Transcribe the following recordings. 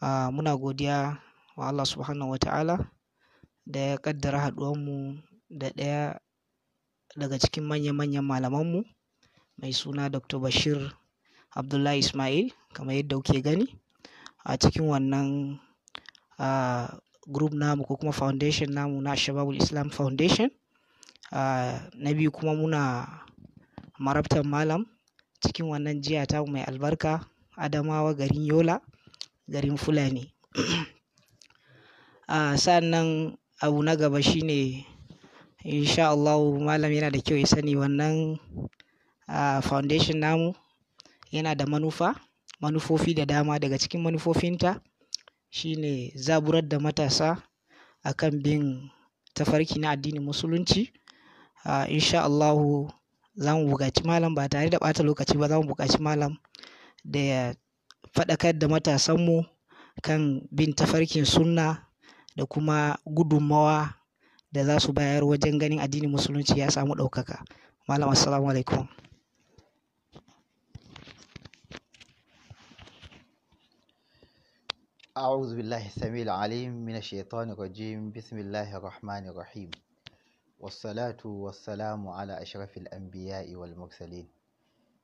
a muna godiya wa Allah subhanahu wata'ala da ya kaddara mu da ɗaya daga cikin manya-manyan mu mai suna Dr. Bashir Abdullahi Ismail kamar yadda kuke gani a cikin wannan uh, group namu ko kuma foundation namu na Shababul Islam Foundation uh, na biyu kuma muna marabtan malam cikin wannan jiya ta mai albarka Adamawa garin Yola garin Fulani. a ah, sa'annan abu na gaba shine insha Allah malam yana da kyau ya sani wannan ah, foundation namu yana da manufa manufofi da dama daga cikin manufofinta shine zaburar da matasa akan bin tafarki na addinin musulunci ah, insha Allah za mu buƙaci malam ba tare da ɓata lokaci ba za mu buƙaci malam da ya faɗakar da matasanmu kan bin tafarkin sunna da kuma gudunmawa da za su bayar wajen ganin addinin musulunci ya samu ɗaukaka malam assalamu alaikum أعوذ بالله السميع العليم من الشيطان الرجيم بسم الله الرحمن الرحيم والصلاة والسلام على أشرف الأنبياء والمرسلين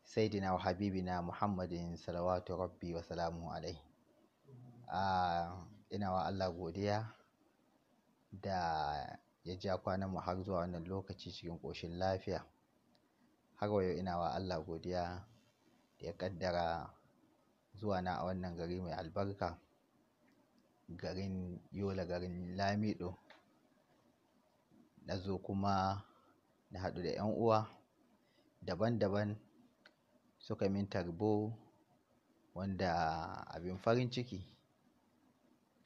saidina wa habibina muhammadin salawatu rabbi wa salamu alai ah, ina wa allah godiya da ya ja kwanan mu har zuwa wannan lokaci cikin ƙoshin lafiya har wayo ina wa allah godiya da ya kaddara zuwa na a wannan gari mai albarka garin yola garin lamido na zo kuma na haɗu da 'yan uwa daban-daban suka min tarbo wanda abin farin ciki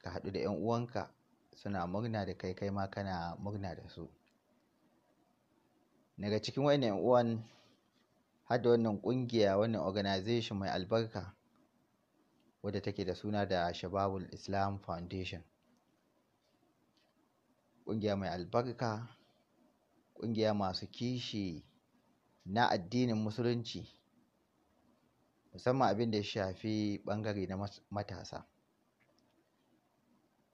ka haɗu da 'yan uwanka suna murna da kai kai ma kana murna da su daga cikin wannan 'yan uwan hada wannan ƙungiya wannan organization mai albarka wadda take da suna da shababul islam foundation ƙungiya mai albarka ƙungiya masu kishi na addinin musulunci musamman abin da ya shafi ɓangare na matasa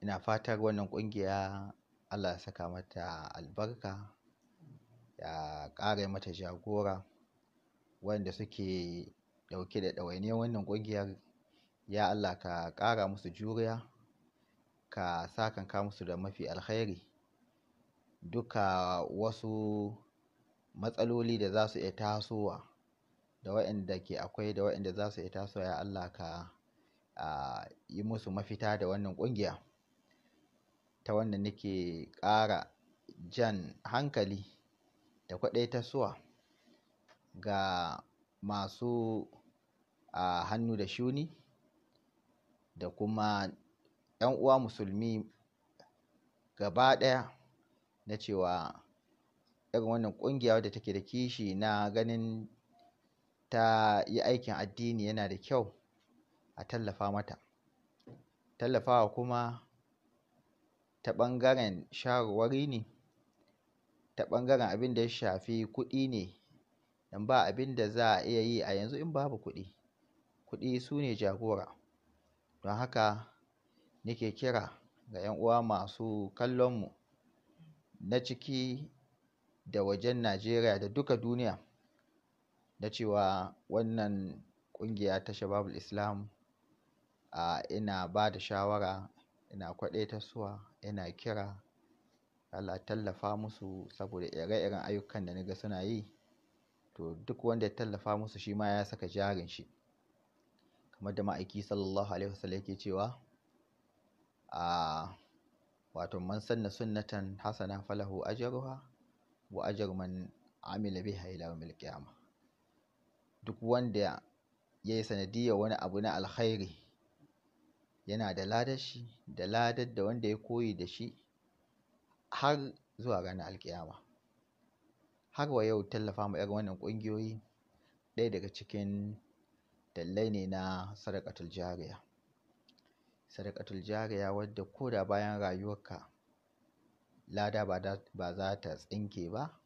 ina fatar wannan ƙungiya allah ya saka mata albarka ya ƙara mata jagora wanda suke ɗauke da ɗawainiyar wannan ƙungiyar ya allah ka ƙara musu juriya ka sakanka musu da mafi alkhairi duka wasu matsaloli da za su iya tasowa da waɗanda ke akwai da waɗanda za su yi tasowa ya Allah ka yi musu mafita da wannan ƙungiya ta wanda nake ƙara jan hankali da suwa ga masu hannu da shuni da kuma 'yan uwa musulmi gaba ɗaya na cewa irin wannan ƙungiya wadda take da kishi na ganin ta yi aikin addini yana da kyau a tallafa mata tallafawa kuma ta ɓangaren shawarwari ne ta ɓangaren abin da ya shafi kuɗi ne don ba abin da za a iya yi a yanzu in babu kuɗi kuɗi su ne jagora don haka nake kira ga 'yan uwa masu kallonmu na ciki da wajen Najeriya da duka duniya na cewa wannan ƙungiya ta Shababul Islam a ina ba da shawara, ina ta suwa, ina kira Allah tallafa musu saboda ire-iren ayyukan da naga suna yi to duk wanda ya tallafa musu shi ma ya saka jarin shi kamar da ma'aiki sallallahu alaihi wasallam yake cewa a wato man sanna sunnatan hasana falahu ajruha wa ajru man amila biha ila yawmil qiyamah duk wanda ya yi sanadiyyar wani abu na alkhairi yana da ladar shi da ladar da wanda ya koyi da shi har zuwa ranar alkiyama har wa yau tallafa ma irin wannan ƙungiyoyi ɗaya daga cikin tallai ne na sadaqatul jariya sadaqatul jariya wadda ko da bayan rayuwarka lada ba za ta tsinke ba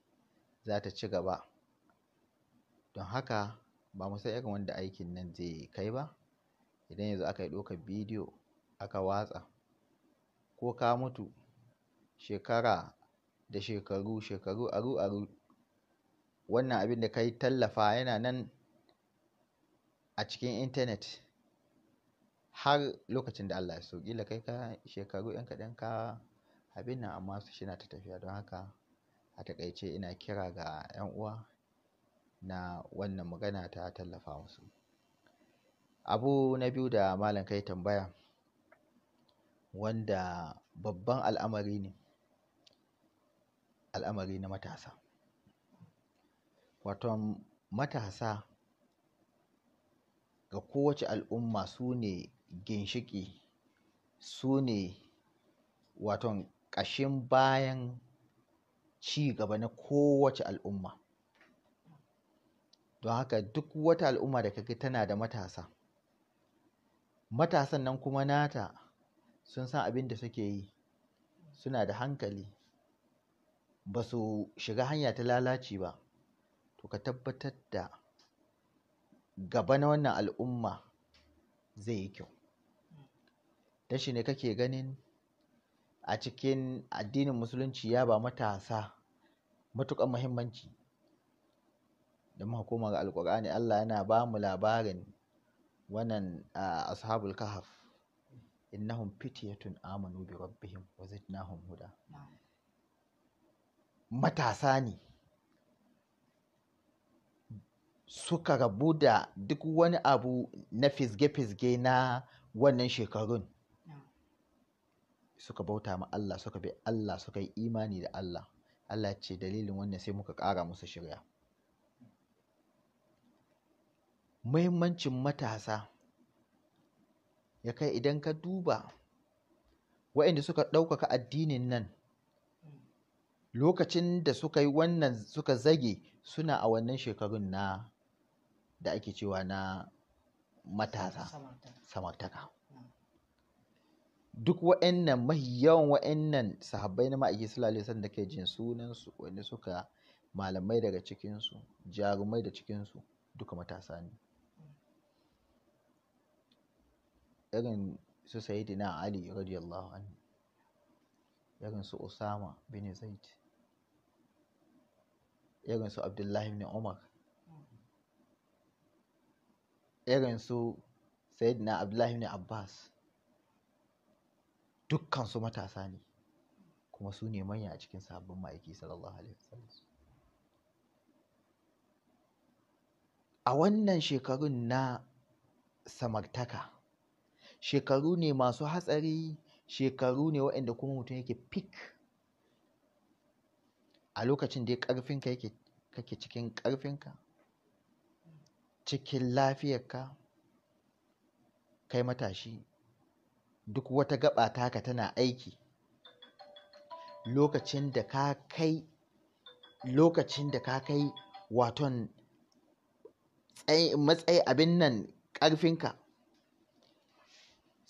za ta ci gaba don haka ba mu san irin wanda aikin nan zai kai ba idan yanzu aka yi ɗaukar bidiyo aka watsa ko ka mutu shekara da shekaru shekaru aru aru wannan abin da ka yi tallafa yana nan a cikin intanet har lokacin da Allah ya so ƙila kai ka shekaru yan kaɗan ka abin nan amma su shi na ta tafiya don haka a taƙaice ina kira ga 'yan uwa na wannan magana ta tallafa musu abu na biyu da malam kai tambaya wanda babban al'amari ne al'amari na matasa waton matasa ga kowace al'umma su ne ginshiƙi su ne waton ƙashin bayan ci gaba na kowace al'umma Don haka duk wata al'umma da kaga tana da matasa, matasan nan kuma nata sun san abin da suke yi, suna da hankali, ba su shiga hanya ta lalaci ba, to ka tabbatar da gaba na wannan al'umma zai yi kyau. Ta shi ne kake ganin a cikin addinin musulunci ya ba matasa matuƙar muhimmanci. da muka koma ga alkur'ani Allah yana ba mu labarin wannan ashabul kahf innahum fityatun amanu bi rabbihim wa zidnahum huda matasa ne suka rabu da duk wani abu na fisge-fisge na wannan shekarun suka bauta ma Allah suka bi Allah suka yi imani da Allah Allah ce dalilin wannan sai muka ƙara musu shirya muhimmancin matasa ya kai idan ka duba waɗanda suka ɗaukaka addinin nan lokacin da suka yi wannan suka zage suna a wannan shekarun na da ake cewa na matasa samartaka duk wa'annan mahi yawan wa'annan sahabbai na ma'aiki sallallahu alaihi da ke jin sunansu wanda suka malamai daga cikinsu jarumai da cikinsu duka matasa ne irin su Sayyidina Ali radiyallahu anhu, irin su Usama bin Zaid, irin su Abdullahi bin Umar, irin su Sayyidina Abdullahi bin Abbas, dukkan su matasa ne, kuma su ne manya a cikin sabbin ma'aiki sallallahu alaihi wasallam. a wannan shekarun na samartaka Shekaru ne masu hatsari, shekaru ne waɗanda kuma mutum yake peak. A lokacin dai ƙarfinka yake, kake cikin ƙarfinka, cikin lafiyarka. Kai matashi duk wata gaɓa taka tana aiki. Lokacin da ka kai, lokacin da ka kai waton matsayi abin nan ƙarfinka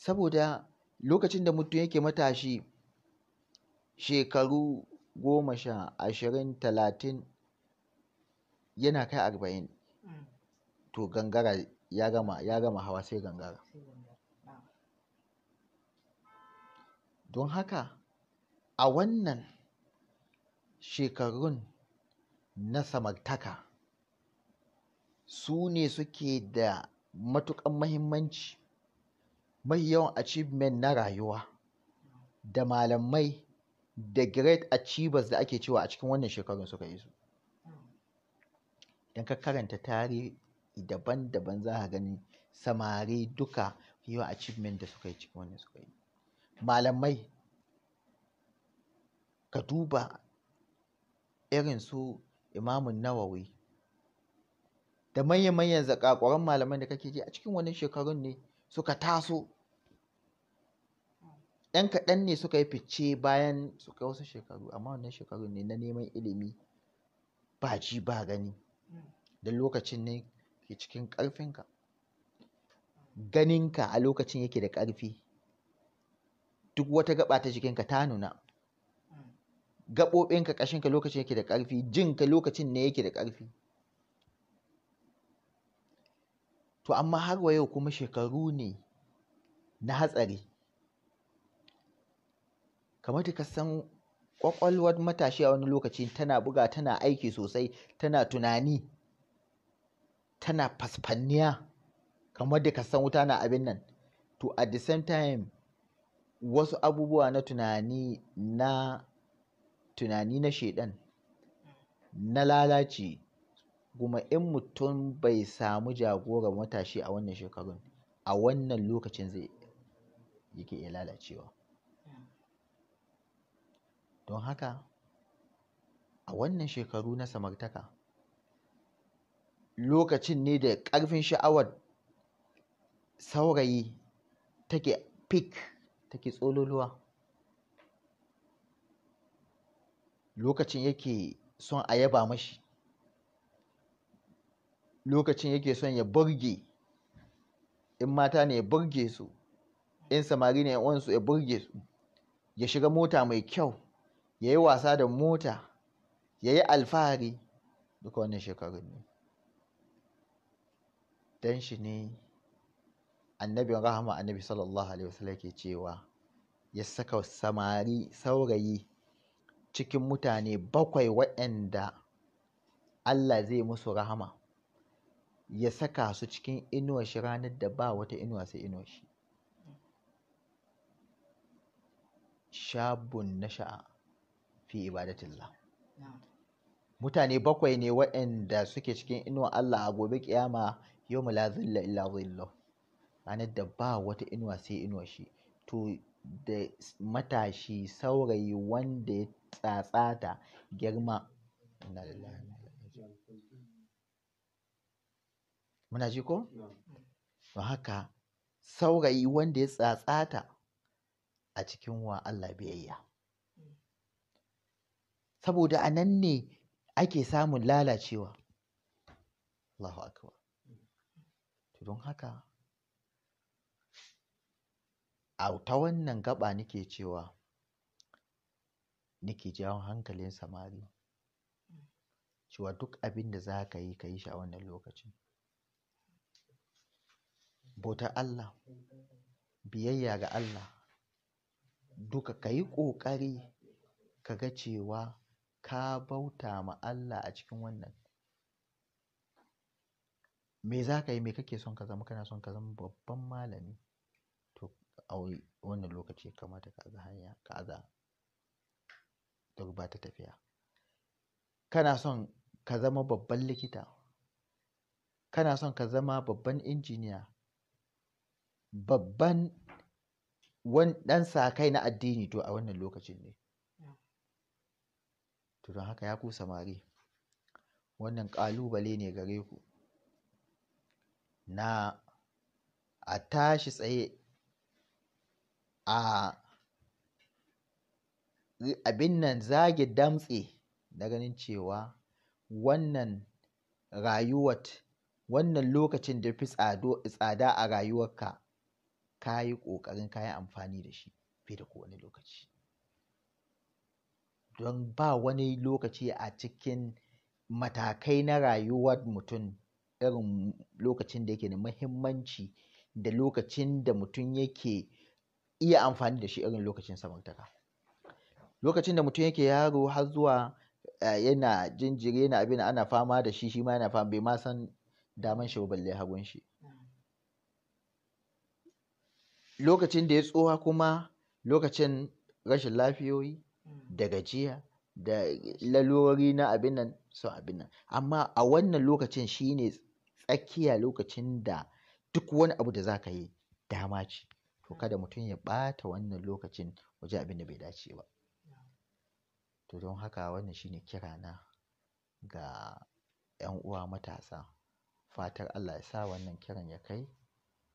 Saboda lokacin da mutum yake matashi shekaru goma sha, ashirin, talatin yana kai arba'in to gangara ya gama ya gama hawa sai gangara. Don haka a wannan shekarun na samartaka su ne suke da matuƙan mahimmanci mai yawan achievement na rayuwa da malamai da great achievers da ake cewa a cikin wannan shekarun suka yi su idan ka karanta tarihi daban-daban za ka gani samari duka yawan achievement da suka yi cikin wannan suka yi malamai ka duba irin su imamun nawawi da manya-manyan zakakuran malaman da kake ji a cikin wannan shekarun ne suka taso ɗan kaɗan ne suka yi fice bayan suka wasu shekaru amma wannan shekaru ne na neman ilimi ba ji ba gani da lokacin ne ke cikin ƙarfinka ganinka a lokacin yake da ƙarfi duk wata gaba ta jikinka ta nuna gaɓoɓinka ƙashinka lokacin yake da ƙarfi jinka lokacin ne yake da ƙarfi To amma har wa yau kuma shekaru ne na hatsari. Kamar da ka san ƙwaƙwalwar matashi a wani lokaci tana buga tana aiki sosai tana tunani tana fasfanniya kamar da ka san wuta na abin nan. To at the same time wasu abubuwa na tunani na tunani na shedan na lalaci kuma in mutum bai samu jagoran matashi a wannan shekarun a wannan lokacin zai yake iya lalacewa don haka a wannan shekaru na samartaka lokacin ne da ƙarfin sha'awar saurayi take peak take tsololuwa lokacin yake son a yaba mashi lokacin yake son ya burge in mata ne ya burge su in samari ne wansu ya burge su ya shiga mota mai kyau ya yi wasa da mota ya yi alfahari duk wannan shekarun ne dan shi ne annabin rahama annabi sallallahu alaihi wasallam ke cewa ya saka samari saurayi cikin mutane bakwai waɗanda Allah zai musu rahama ya saka su cikin inuwar shi ranar da ba wata inuwa sai inuwar shi shabun nasha'a fi ibadatillah mutane bakwai ne waɗanda suke cikin inuwar Allah a gobe kiyama yau la zilla illa zillah ranar da ba wata inuwa sai inuwar shi to da matashi saurayi wanda ya tsatsata girma muna ji ko to haka saurayi wanda ya tsatsata a cikin wa Allah biyayya saboda a nan ne ake samun lalacewa Allahu akbar to don haka a ta wannan gaba nake cewa nake jawo hankalin samari cewa duk abin da za ka yi ka yi shi a wannan lokacin bautar Allah, biyayya ga Allah, duka ka yi ƙoƙari ka ga cewa ka bauta ma Allah a cikin wannan. Me za ka yi, me kake son ka zama, kana son ka zama babban malami. To a wannan lokaci ya kamata ka aza hanya, ka aza durba ta tafiya. Kana son ka zama babban likita, kana son ka zama babban injiniya, babban ɗan sa-kai na addini to a wannan lokacin ne. To don haka ya ku samari, wannan ƙalubale ne gare ku na a tashi tsaye a abin nan zage damtse na ganin cewa wannan rayuwat wannan lokacin da fi tsada a rayuwarka ka yi ƙoƙarin ka yi amfani da shi fiye da kowane lokaci don ba wani lokaci a cikin matakai na rayuwar mutum irin lokacin da yake da muhimmanci da lokacin da mutum yake iya amfani da shi irin lokacin samartaka lokacin da mutum yake yaro har zuwa eh, yana jinjiri yana abin ana fama da shi shi ma yana fama bai ma san daman shi ba balle hagun shi lokacin da ya tsoha kuma lokacin rashin lafiyoyi mm. da gajiya da lalurori na abin nan sun abin nan amma a wannan lokacin shine tsakiya lokacin da duk wani abu da za ka yi dama ce to kada mm. mutum ya bata wannan lokacin waje abin da bai dace ba to don haka wannan shine na ga 'yan uwa matasa fatar Allah ya sa wannan kiran ya kai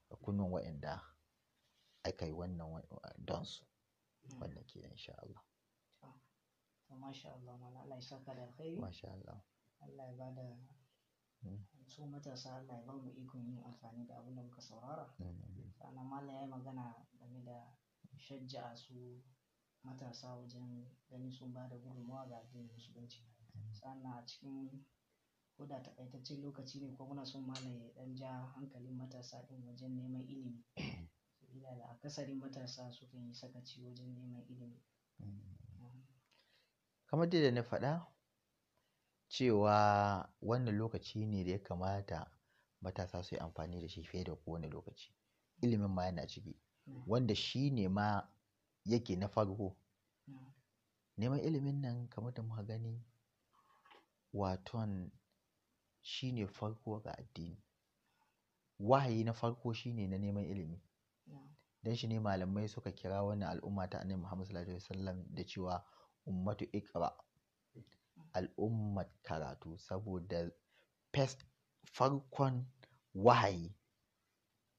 ga kunnuwan waɗanda aka yi wannan don su hmm. wannan ke sha Allah. Masha Allah, mana Allah ya saka da alkhairi. Masha Allah. Allah ya ba da hmm. su matasa Allah ya ba mu ikon yin amfani da abin da muka saurara. Hmm, Sannan Malam ya yi magana game da shajja su matasa wajen ganin sun ba da gudunmawa ga addinin musulunci. Sannan a cikin ko da takaitaccen lokaci ne ko muna son Malam ya ɗan ja hankalin matasa ɗin wajen neman ilimi. Kamar da sakaci wajen neman ilimi mm. kamar da na faɗa cewa wannan lokaci ne da ya kamata matasa su yi amfani da shi fiye da kowane lokaci ilimin ma yana ciki mm. wanda shi ne ma yake na farko mm. neman ilimin nan kamar da muka gani waton shi ne farko ga addini wahayi na farko shi ne na neman ilimi dan shi ne malamai suka kira wannan al'umma ta annabi Muhammad sallallahu alaihi wasallam da cewa ummatu iqra al'ummat karatu saboda first farkon wahayi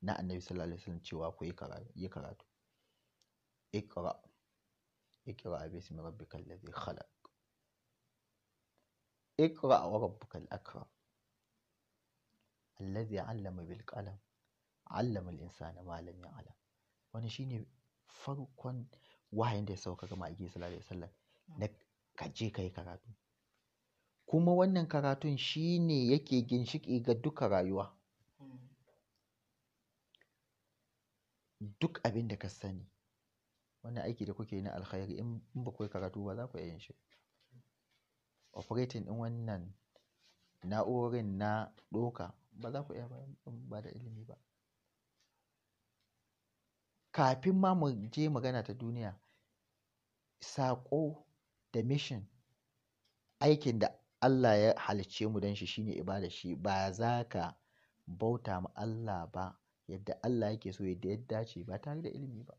na annabi sallallahu alaihi wasallam cewa ku yi karatu yi karatu ikra ikra اقرأ باسم ربك الذي خلق اقرأ وربك الأكرم الذي علم بالقلم علم الإنسان ما لم يعلم Wannan ne farkon wahayin da ya sauka ga ma'aiki sallallahu alaihi wasallam mm. na ka ka yi karatu. Kuma wannan karatun shi ne yake ginshiƙi ga duka rayuwa. Mm. Duk abin da ka sani wannan aiki da kuke yi na alkhairi in ba ku yi karatu ba za ku iya yin shi. Operating ɗin wannan na'urorin na ɗoka ba za ku iya ba in ba da ilimi ba. kafin ma mu je magana ta duniya saƙo da mishin aikin da Allah ya halicce mu don shi shine ibada shi ba za ka bauta ma Allah ba yadda Allah yake so yadda ya dace ba tare da ilimi ba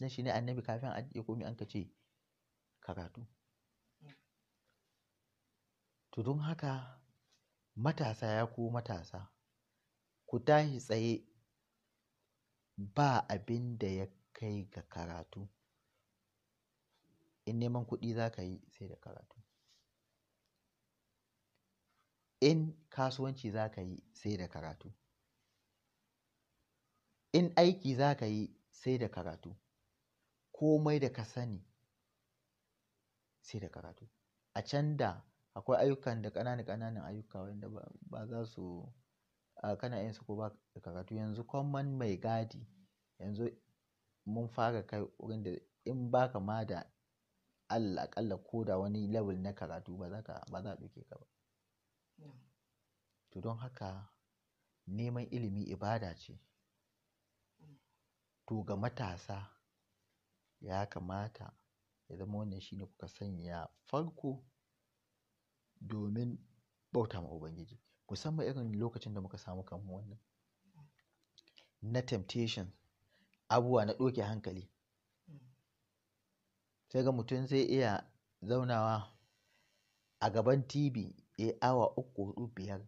don shi ne annabi kafin a ya komi an ka ce karatu to don haka matasa ya ku matasa ku tashi tsaye ba abin da ya kai ga karatu. In neman kuɗi za ka yi sai da karatu. In kasuwanci za ka yi sai da karatu. In aiki za ka yi sai da karatu. Komai da ka sani sai da karatu. A can da akwai ayyukan da ƙananan ƙananan ayyuka wanda ba za su kana yin su ko ba karatu yanzu common mai gadi yanzu mun fara kai wurin da in ba ka ma da Allah aƙalla ko da wani level na karatu ba za ka ba ka ba to don haka neman ilimi ibada ce to ga matasa ya kamata ya zama wannan shi ne kuka sanya farko domin bauta ma Ubangiji musamman irin lokacin da muka samu kanmu wannan na temptation abubuwa na ɗoke hankali sai ga mutum zai iya zaunawa a gaban tv ya awa uku hudu biyar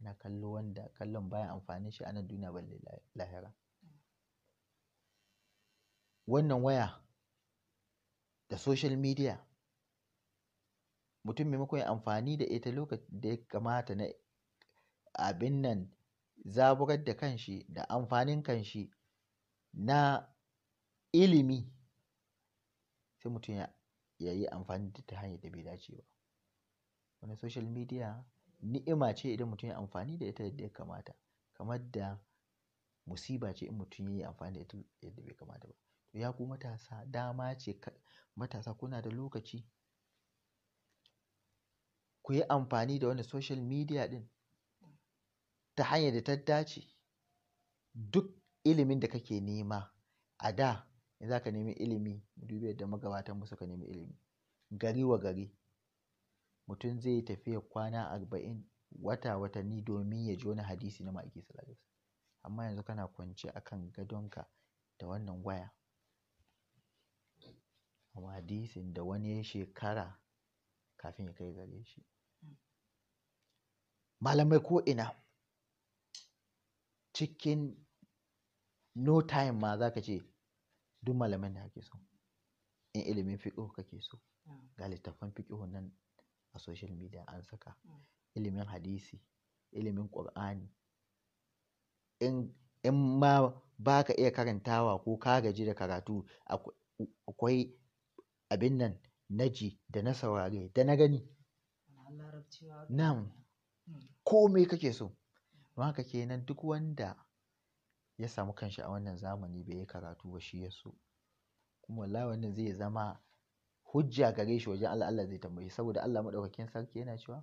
na kallo wanda kallon bayan amfanin shi a nan duniya balle lahira wannan waya da social media mutum maimakon amfani da ita lokacin da ya kamata na abin nan zaburar da kanshi da amfanin kanshi na ilimi sai mutum ya yi amfani da ta hanyar da bai dace ba wani social media ni'ima ce idan mutum ya amfani da ita yadda ya kamata kamar da musiba ce in mutum ya yi amfani da ita yadda bai kamata ba ya ku matasa dama ce matasa kuna da lokaci ku yi amfani da wani social media ɗin ta hanyar da ta dace duk ilimin da kake nema a da za ka nemi ilimi dubi yadda magabatanmu suka nemi ilimi gari wa gari mutum zai yi tafiya kwana arba'in wata watanni domin ya ji wani hadisi na ma'aiki amma yanzu kana kwance akan gadonka da wannan waya hadisin da wani ya shekara kafin ya kai gare shi malamai ko ina cikin no time ma zaka ka ce duk malamai da kake so in ilimin fiƙo kake so ga littattafan fiƙo nan a social media an saka ilimin hadisi ilimin ƙur'ani in ma baka iya karantawa ko ka gaji da karatu akwai abin nan naji da na saurare da na gani na'am komai kake so don haka kenan duk wanda ya samu kanshi a wannan zamani bai yi karatu ba shi ya so kuma wallahi wannan zai zama hujja gare shi wajen Allah Allah zai tambaye saboda Allah madaukakin sarki yana cewa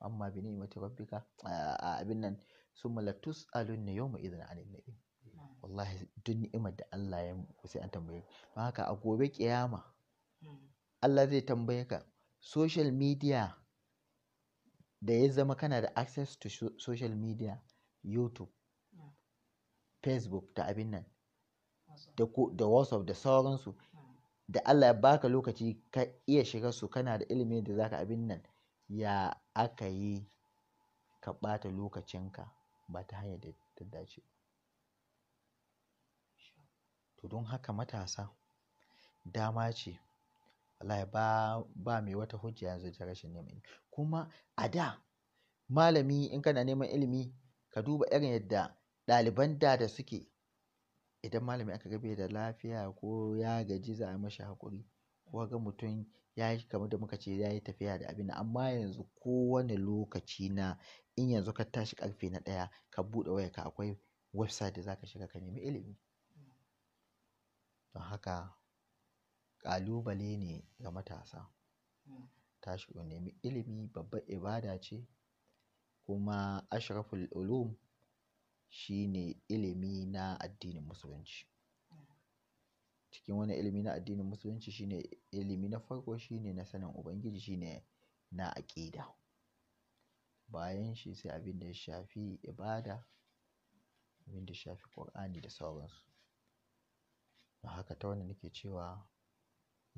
amma bi ni'mati rabbika a abin nan summa latus'alunna yawma idhin 'anil na'im wallahi duk ni'imar da Allah ya muku sai an tambaye don haka a gobe kiyama hmm. Allah zai tambaye ka social media da ya zama kana da access to social media YouTube Facebook da abin nan da WhatsApp da sauransu da Allah ya baka lokaci ka iya shiga su kana da ilimi da zaka abin nan ya aka yi ka ɓata lokacinka ba ta hanyar da ta dace to don haka matasa dama ce wallahi ba ba mai wata hujja yanzu ta rashin neman ilimi kuma a da malami in kana neman ilimi ka duba irin yadda ɗaliban da da suke idan malami aka ga bai da lafiya ko ya gaji za a mashi hakuri ko ga mutum ya yi kamar da muka ce ya yi tafiya da abin amma yanzu kowane lokaci na in yanzu ka tashi karfe na ɗaya ka buɗe waya ka akwai website da za ka shiga ka nemi ilimi don haka ƙalubale ne ga matasa. Hmm. Tashi ku nemi ilimi babbar ibada ce kuma ashraful ulum shine ilimi na addinin musulunci. Hmm. Cikin wani ilimi na addinin musulunci shine ilimi na farko shine na sanin Ubangiji shine na aƙida. Bayan shi sai abin da ya shafi ibada, abin da ya shafi ƙur'ani da sauransu. Don haka ta wannan nake cewa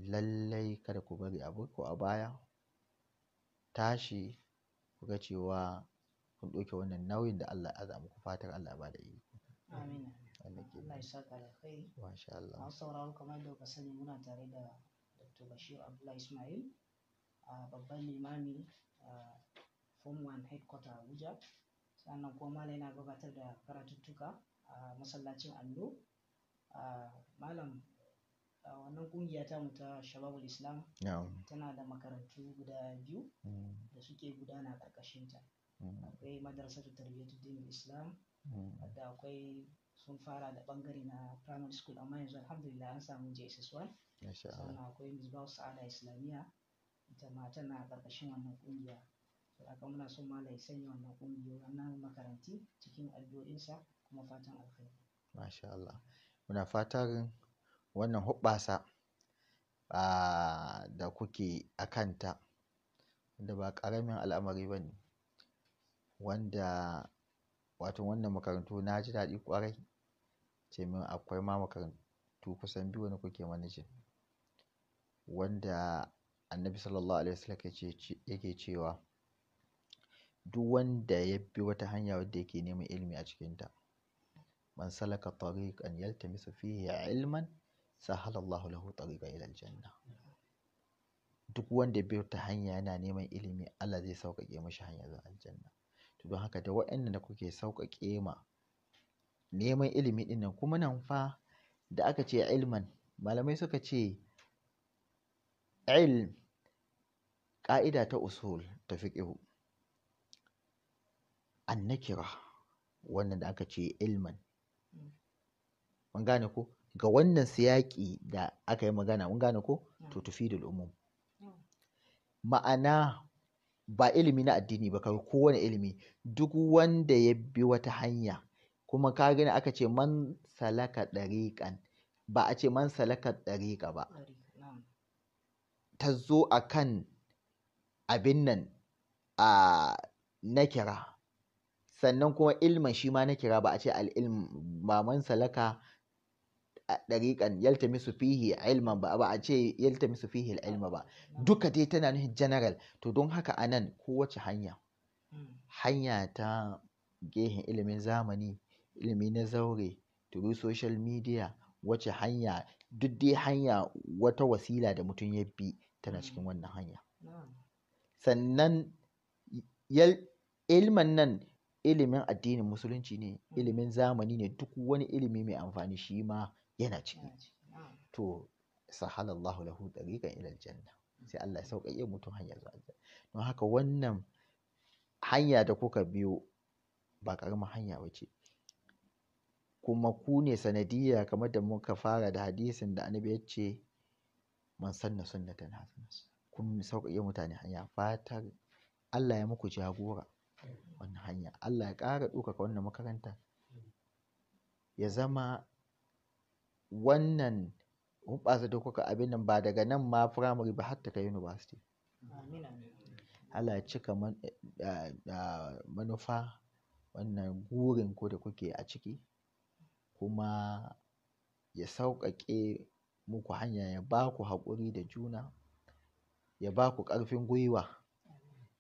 lallai kada ku bari a ko a baya tashi ku ga cewa kun ɗauke wannan nauyin da Allah ya zama muku fatar Allah ya bada iko amin Allah ya saka masha Allah masu sauraro kamar da sani muna tare da Dr. Bashir Abdullahi Ismail a babban limami a Form 1 headquarter Abuja sannan kuma malam yana gabatar da karatuttuka a masallacin Allo malam wannan kungiya ta mu ta shababul islam tana da makarantu guda biyu mm. da suke gudana karkashin ta mm. akwai ta tarbiyyatu dinul islam mm. da akwai sun fara da bangare na primary school amma yanzu alhamdulillah an samu jss1 sannan akwai misbah sa'ada islamiyya ita ma tana karkashin wannan kungiya haka muna son malai sanya wannan kungiyoyi wannan makaranti cikin addu'o'insa kuma fatan alkhairi masha Allah muna fatan wannan hubbasa ah, da kuke a kanta wanda ba karamin al'amari ba ne wanda wato wannan makarantu na ji daɗi ƙwarai ce min akwai ma makarantu kusan biyu wani kuke manajin wanda annabi sallallahu alaihi wasallam yake cewa duk wanda ya bi wata hanya wadda yake neman ilimi a cikinta man salaka tariqan yaltamisu fihi ilman sahalallahu lahu tariqa ila aljanna duk wanda bai ta hanya yana neman ilimi Allah zai sauƙaƙe mashi hanya zuwa aljanna to don haka da waɗanda da kuke sauƙaƙe ma neman ilimi ɗin nan kuma nan fa da aka ce ilman malamai suka ce ilm ƙa'ida ta usul ta fiƙihu annakira wannan da aka ce ilman mun gane ko ga wannan siyaƙi da aka yi magana mun gane ko to da umum ma'ana ba ilimi na addini ba kai kowane ilimi duk wanda ya bi wata hanya kuma ka gani aka ce man salaka ɗariƙan ba a ce man salaka ɗariƙa ba ta zo a kan abin nan a na kira sannan kuma ilmin shi ma na kira ba a ce al'ilm ba man salaka ɗariƙan yaltamisu fihi ilman ba ba a ce yaltamisu fihi ilma ba duka dai tana nufin general to don haka anan kowace hanya hanya ta gehen ilimin zamani ilimi na zaure turu social media wace hanya duk dai hanya wata wasila da mutum ya bi tana cikin wannan hanya sannan ilman nan ilimin addinin musulunci ne ilimin zamani ne duk wani ilimi mai amfani shi ma yana ciki to sahalallahu lahu tariqan ila aljanna sai Allah ya sauƙaƙe mutum hanya zuwa aljanna don haka wannan hanya da kuka biyo ba ƙaramin hanya bace kuma ku ne sanadiyya kamar da muka fara da hadisin da annabi ya ce man sanna sunnatan hasana kun sauƙaƙe mutane hanya fatar Allah ya muku jagora wannan hanya Allah ya ƙara ɗaukaka wannan makaranta ya zama wannan da kuka abin nan ba daga nan ma firamare ba har ta kai university Allah ya cika eh, manufa wannan gurin ku da kuke a ciki kuma ya sauƙaƙe muku hanya ya ba ku haƙuri da juna ya ba ku ƙarfin gwiwa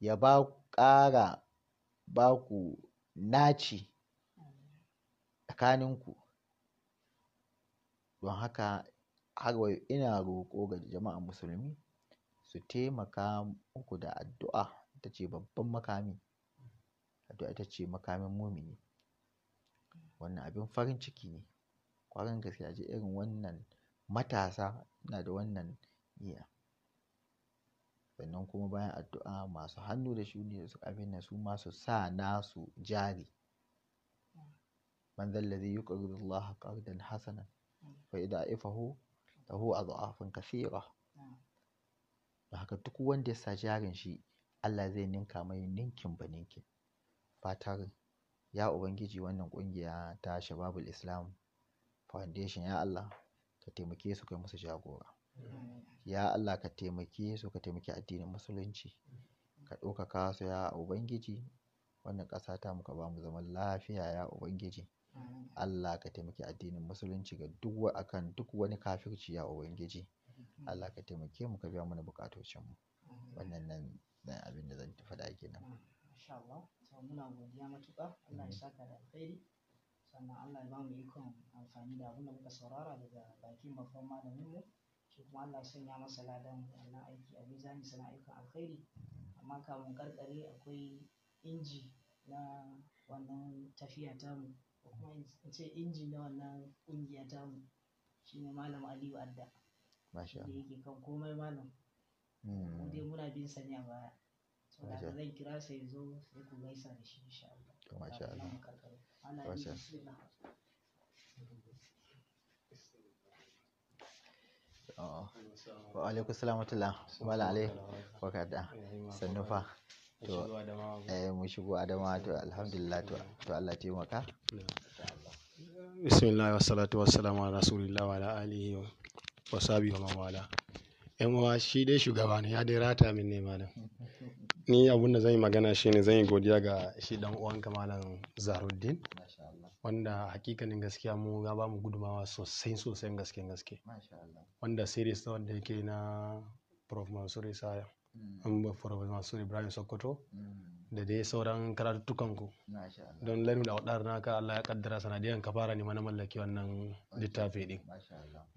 ya ba ƙara ba ku naci tsakaninku don haka har wa ina roƙo ga jama'an musulmi su taimaka muku da addu'a ita ce babban makami addu'a ita ce makamin mumini wannan abin farin ciki ne ƙwarin gaske a ji irin wannan matasa na da wannan niyya sannan kuma bayan addu'a masu hannu da shuni da su abin nan su ma su sa nasu jari man zalladhi yuqridu Allah qardan hasanan فيضاعفه lahu adhafan kathira da haka duk wanda ya sa jarin shi Allah zai ninka mai ninkin ba ninkin fatar ya ubangiji wannan kungiya ta shababul islam foundation ya Allah ka taimake su kai musu jagora ya Allah ka taimake su ka taimake addinin musulunci ka ɗaukaka su ya ubangiji wannan ƙasa ta muka ba mu zaman lafiya ya ubangiji Allah ka taimaki addinin musulunci ga duk akan duk wani kafirci ya ubangiji Allah ka taimake mu ka biya mana bukatocin mu wannan nan na abin da zan faɗa kenan insha Allah to muna godiya matuƙa Allah ya saka da alkhairi sannan Allah ya ba mu ikon amfani da abin da muka saurara daga bakin babban malamin mu shi kuma Allah sanya masa ladan wannan aiki a mizani aikin alkhairi amma kamun karkare akwai inji na wannan tafiya tamu a ce inji na wannan ƙungiya ta mu malam Aliyu Adda masha Allah yake kan komai malam hmm. dai muna bin sa ne a baya to da zan kira sa ya zo sai ku gaisa da shi insha Allah masha Allah oh. wa alaikum wa rahmatullah wa alaikum wa kada to eh mu shigo adamawa to alhamdulillah to to Allah taimaka bismillah wassalatu wassalamu ala rasulillah wa ala alihi wa sahbihi wa mawala yan uwa shi dai shugaba ne ya dai rata min ne malam ni abun da zan yi magana shi ne zan yi godiya ga shi dan uwanka malam Zaruddin wanda hakikanin gaskiya mu ya ba mu gudumawa sosai sosai gaske gaske wanda series wanda yake na prof Mansur Isaya Hmm. an ba masu ibrahim sokoto hmm. da dai sauran karatuttukanku don lamin da wadar ka allah ya kaddara sanadiyan ka fara neman mallaki wannan littafi din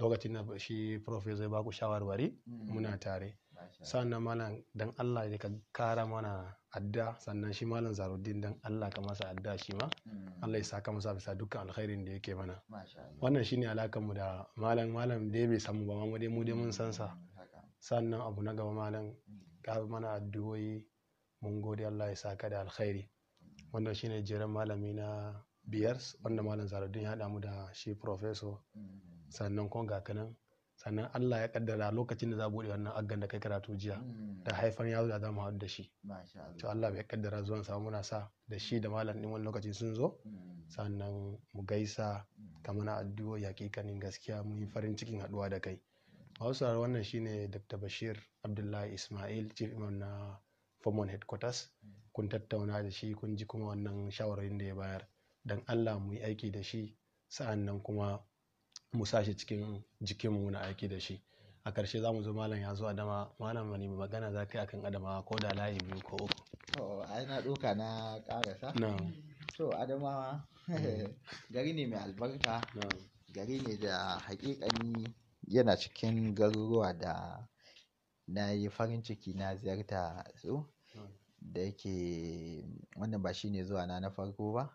lokacin da shi prof zai baku shawarwari hmm. muna tare sannan malam dan allah ya kara mana adda sannan shi malam zarudin dan allah ka masa adda shi ma allah ya saka masa bisa dukkan alkhairin da yake mana wannan shine alakanmu da malam malam dai bai samu ba mu dai mu dai mun san sannan abu na gaba malam ka mana addu'o'i mun gode Allah ya saka da alkhairi shi shine jiran malami na biyar wanda malam zaradun ya haɗa mu da shi professor sannan kuma ga kanan sannan Allah ya kaddara lokacin da za buɗe wannan aggan da kai karatu jiya da haifan yaro da za mu haɗu da shi to Allah bai kaddara zuwan sa muna sa da shi da malam din wani lokaci sun zo sannan mu gaisa ka mana addu'o kanin gaskiya mun yi farin cikin haɗuwa da kai Masu wannan shine Dr. Bashir Abdullahi Ismail, Chief Imam na Formon Headquarters. Kun tattauna da shi kun ji kuma wannan shawarin da ya bayar. Don Allah mu yi aiki da shi sa'an nan kuma mu sashi cikin jikinmu na aiki da shi. A ƙarshe za mu zo malam ya zo Adama, malam mani magana za ka yi akan adama ko da layi biyu ko uku. na na ƙarasa. To, Adamawa gari ne mai albarka, gari ne da haƙiƙani yana cikin garuruwa da na yi farin ciki na ziyarta su da yake wannan ba ne zuwa na na farko ba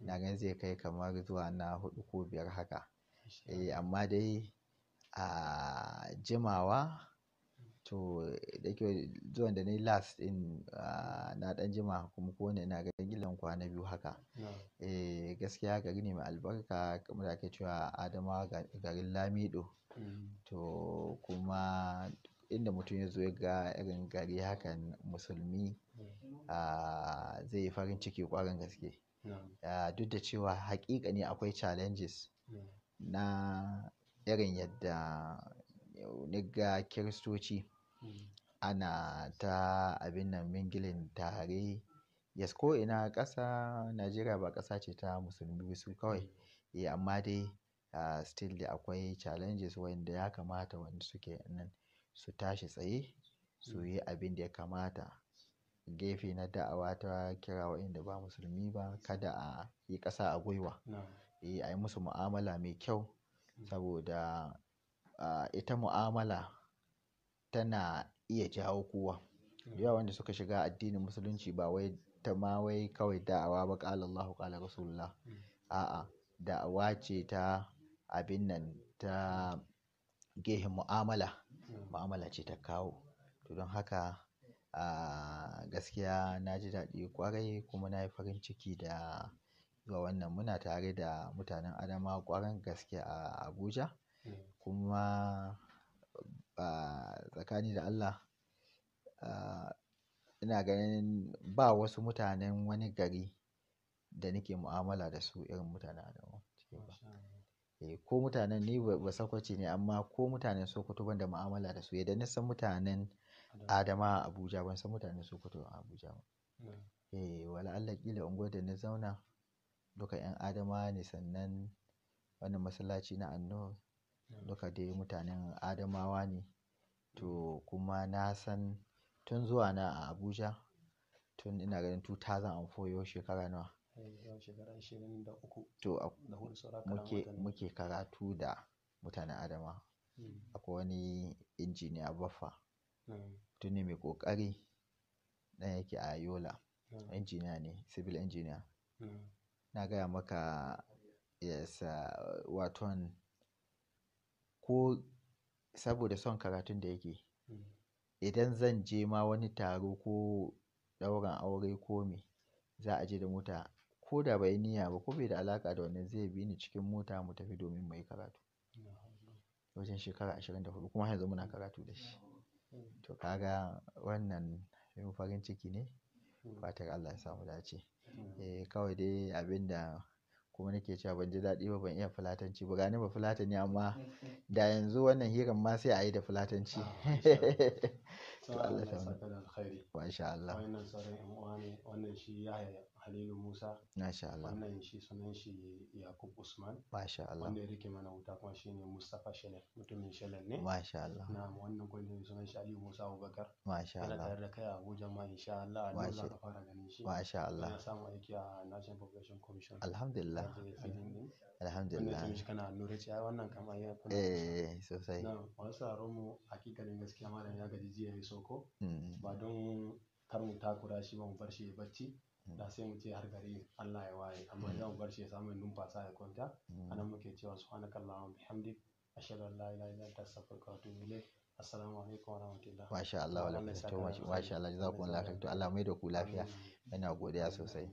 na ganin zai kai kamar zuwa na hudu ko biyar haka eh, amma dai a jimawa to da yake zuwan da na yi last ɗin na dan jima kuma ko wanda ganin gilan kwana biyu haka eh gaskiya gari ne mai albarka kamar da ake cewa Adamawa garin Lamiɗo To kuma inda mutum ya zo ya ga irin gari hakan musulmi, ah, zai yi farin ciki ƙwarin gaske. duk da cewa haƙiƙa ne akwai challenges na irin yadda niga Kiristoci mm. ana ta abin nan mingilin tare. Yes ko ina ƙasa Najeriya ba ƙasa ce ta musulmi su kawai. Mm. Eh, amma dai still dai akwai challenges wanda ya kamata wanda suke nan su tashi tsaye su yi mm. abin da ya kamata. Gefe na da'awa ta kira wa'inda ba musulmi ba kada a yi ƙasa a gwiwa. Eh a yi musu mu'amala mai kyau saboda ita mu'amala tana iya jawo kowa. Da yawa wanda suka shiga addinin musulunci ba wai ta ma wai kawai da'awa ba ƙalallahu ƙalar ƙala Rasulullah. Mm. A'a da'awa ce ta abin nan ta gehen mu'amala hmm. mu'amala ce ta kawo to don haka a gaskiya na ji daɗi kwarai, kuma na yi farin ciki da zuwa wannan muna tare da mutanen Adama ƙwarai gaskiya a Abuja hmm. kuma a tsakani da Allah ina ganin ba wasu mutanen wani gari da nake mu'amala da su irin mutanen ba. ko mutanen ni ba sakwaci ne amma ko mutanen sokoto ban da mu'amala da su yadda na san mutanen adama a abuja ban san mutanen sokoto a abuja ba hmm. eh wala Allah kila unguwar da na zauna duka yan adama ne sannan wannan masallaci na anno hmm. duka dai mutanen adamawa ne to kuma na san tun zuwa na a abuja tun ina ganin 2004 amfoyo shekara nawa to muke karatu da mutanen adama hmm. akwai wani injiniya baffa hmm. mutum ne mai ƙoƙari nan yake a yola hmm. injiniya ne civil engineer na gaya maka yes, uh, waton ko saboda son karatun da yake idan zan je ma wani taro ko ɗaurin aure ko me za a je da mota ko da bai yi niyya ba ko bai da alaka da wannan zai bi ni cikin mota mu tafi domin mu yi karatu. Wajen shekara ashirin da hudu kuma har yanzu muna karatu da shi. To ka ga wannan abin farin ciki ne. Fatar Allah ya samu dace. Eh kawai dai abinda da kuma nake cewa ban ji daɗi ba ban iya Fulatanci ba. Gani ne amma da yanzu wannan hirar ma sai a yi da Fulatanci. Ah, to Allah ya sa mu dace. Masha Allah. Wannan sauran ƴan uwa ne wannan shi Yahaya. Halilu Musa. Masha Allah. Wannan shi sunan shi Yakub Usman. Masha Allah. Wanda ya rike mana wuta kuma shi ne Mustapha Shalal mutumin Shalal ne. Masha Allah. Na wannan gwajin sunan shi Aliyu Musa Abubakar. Masha Allah. Yana tare da kai Abuja ma insha Allah. Allah za ka fara ganin shi. Masha Allah. Yana samu aiki a National Population Commission. Alhamdulillah. Alhamdulillah. Wannan shi kana nura ciya wannan kama ya fi. Eh, eh, eh sosai. Na wasu tsaron mu hakikalin gaskiya malam ya gaji jiya ya soko. Mm. Ba don kar mu takura shi ba mu bar shi ya bacci. da sai mu ce har gari Allah ya waye amma idan mu bar shi ya samu numfasa ya kwanta mm. anan muke cewa wa bihamdik ashhadu an la ilaha illa anta astaghfiruka wa atubu ilayk Assalamu alaikum wa rahmatullah. Masha Allah wa barakatuh. Masha Allah jazakumullahu khairan. Allah mai da ku lafiya. Ina godiya sosai.